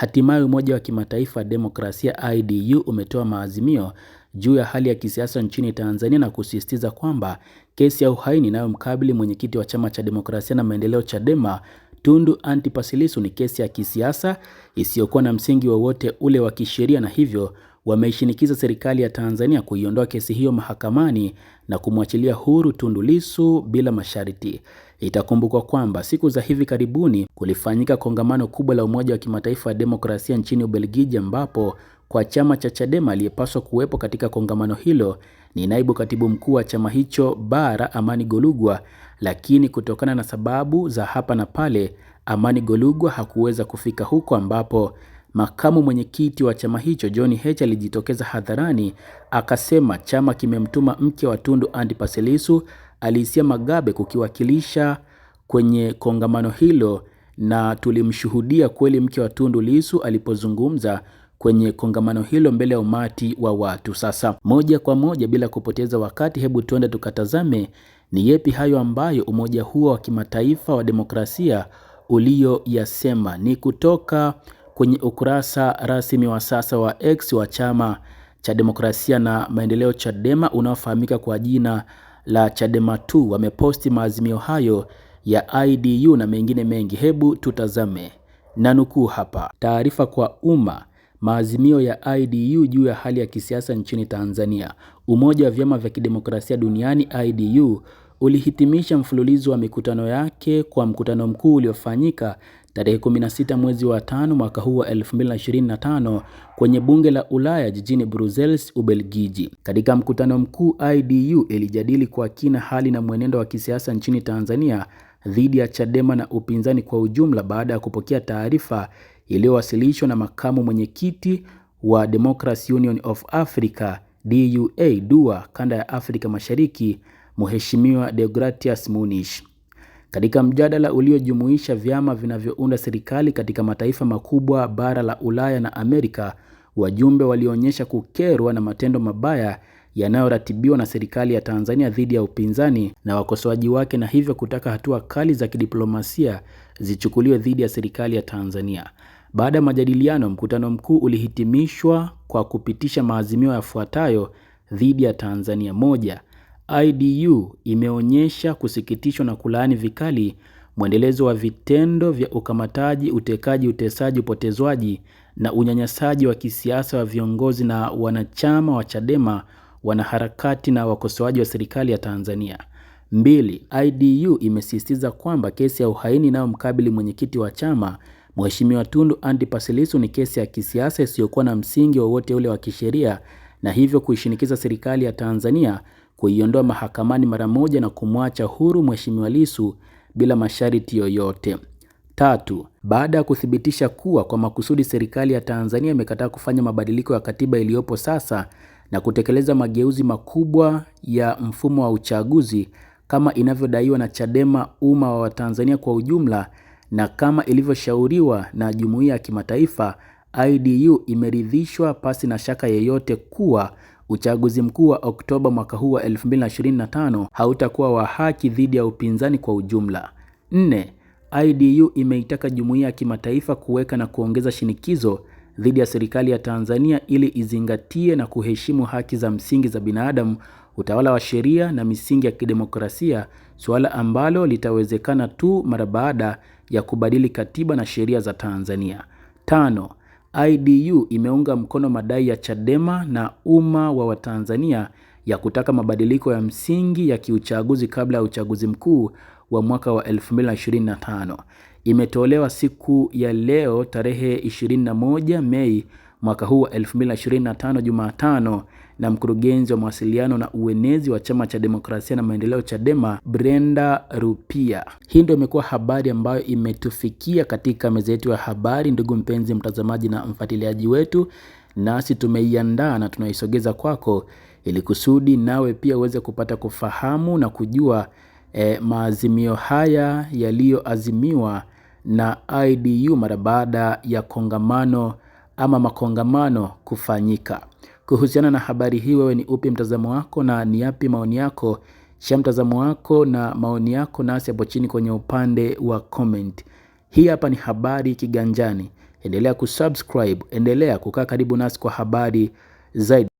Hatimaye Umoja wa Kimataifa Demokrasia IDU umetoa maazimio juu ya hali ya kisiasa nchini Tanzania na kusisitiza kwamba kesi ya uhaini inayomkabili mwenyekiti wa Chama cha Demokrasia na Maendeleo Chadema Tundu Antipas Lissu ni kesi ya kisiasa isiyokuwa na msingi wowote ule wa kisheria na hivyo wameishinikiza serikali ya Tanzania kuiondoa kesi hiyo mahakamani na kumwachilia huru Tundu Lissu bila masharti. Itakumbukwa kwamba siku za hivi karibuni kulifanyika kongamano kubwa la Umoja wa Kimataifa ya Demokrasia nchini Ubelgiji ambapo kwa chama cha Chadema aliyepaswa kuwepo katika kongamano hilo ni naibu katibu mkuu wa chama hicho bara Amani Golugwa, lakini kutokana na sababu za hapa na pale Amani Golugwa hakuweza kufika huko ambapo Makamu mwenyekiti wa chama hicho John Heche alijitokeza hadharani akasema chama kimemtuma mke wa Tundu Antipas Lissu Alisia Magabe kukiwakilisha kwenye kongamano hilo, na tulimshuhudia kweli mke wa Tundu Lissu alipozungumza kwenye kongamano hilo mbele ya umati wa watu. Sasa moja kwa moja bila kupoteza wakati, hebu tuende tukatazame ni yepi hayo ambayo umoja huo wa kimataifa wa demokrasia ulioyasema. Ni kutoka kwenye ukurasa rasmi wa sasa wa X wa chama cha demokrasia na maendeleo Chadema unaofahamika kwa jina la Chadema 2 wameposti maazimio hayo ya IDU na mengine mengi. Hebu tutazame na nukuu hapa. Taarifa kwa umma maazimio ya IDU juu ya hali ya kisiasa nchini Tanzania. Umoja wa vyama vya kidemokrasia duniani IDU ulihitimisha mfululizo wa mikutano yake kwa mkutano mkuu uliofanyika tarehe 16 mwezi wa tano mwaka huu wa 2025 kwenye bunge la Ulaya jijini Brussels, Ubelgiji. Katika mkutano mkuu, IDU ilijadili kwa kina hali na mwenendo wa kisiasa nchini Tanzania dhidi ya Chadema na upinzani kwa ujumla baada ya kupokea taarifa iliyowasilishwa na makamu mwenyekiti wa Democracy Union of Africa DUA DUA kanda ya Afrika Mashariki, Mheshimiwa Deogratias Munish katika mjadala uliojumuisha vyama vinavyounda serikali katika mataifa makubwa bara la Ulaya na Amerika, wajumbe walionyesha kukerwa na matendo mabaya yanayoratibiwa na serikali ya Tanzania dhidi ya upinzani na wakosoaji wake na hivyo kutaka hatua kali za kidiplomasia zichukuliwe dhidi ya serikali ya Tanzania. Baada ya majadiliano, mkutano mkuu ulihitimishwa kwa kupitisha maazimio yafuatayo dhidi ya Tanzania: moja, IDU imeonyesha kusikitishwa na kulaani vikali mwendelezo wa vitendo vya ukamataji, utekaji, utesaji, upotezwaji na unyanyasaji wa kisiasa wa viongozi na wanachama wa Chadema, wanaharakati na wakosoaji wa serikali ya Tanzania. Mbili, IDU imesisitiza kwamba kesi ya uhaini inayomkabili mwenyekiti wa chama Mheshimiwa Tundu Antipas Lissu ni kesi ya kisiasa isiyokuwa na msingi wowote ule wa kisheria na hivyo kuishinikiza serikali ya Tanzania kuiondoa mahakamani mara moja na kumwacha huru Mheshimiwa Lissu bila masharti yoyote. Tatu, baada ya kuthibitisha kuwa kwa makusudi serikali ya Tanzania imekataa kufanya mabadiliko ya katiba iliyopo sasa na kutekeleza mageuzi makubwa ya mfumo wa uchaguzi kama inavyodaiwa na Chadema, umma wa Watanzania kwa ujumla, na kama ilivyoshauriwa na jumuiya ya kimataifa, IDU imeridhishwa pasi na shaka yeyote kuwa Uchaguzi mkuu wa Oktoba mwaka huu wa 2025 hautakuwa wa haki dhidi ya upinzani kwa ujumla. Nne, IDU imeitaka jumuiya ya kimataifa kuweka na kuongeza shinikizo dhidi ya serikali ya Tanzania ili izingatie na kuheshimu haki za msingi za binadamu, utawala wa sheria na misingi ya kidemokrasia, suala ambalo litawezekana tu mara baada ya kubadili katiba na sheria za Tanzania. Tano, IDU imeunga mkono madai ya Chadema na umma wa Watanzania ya kutaka mabadiliko ya msingi ya kiuchaguzi kabla ya uchaguzi mkuu wa mwaka wa 2025. Imetolewa siku ya leo tarehe 21 Mei mwaka huu wa 2025 Jumatano na mkurugenzi wa mawasiliano na uenezi wa chama cha demokrasia na maendeleo Chadema, Brenda Rupia. Hii ndio imekuwa habari ambayo imetufikia katika meza yetu ya habari, ndugu mpenzi mtazamaji na mfuatiliaji wetu, nasi tumeiandaa na tunaisogeza kwako ili kusudi nawe pia uweze kupata kufahamu na kujua e, maazimio haya yaliyoazimiwa na IDU mara baada ya kongamano ama makongamano kufanyika. Kuhusiana na habari hii, wewe ni upi mtazamo wako na ni yapi maoni yako? Shia mtazamo wako na maoni yako nasi hapo chini kwenye upande wa comment. Hii hapa ni Habari Kiganjani. Endelea kusubscribe, endelea kukaa karibu nasi kwa habari zaidi.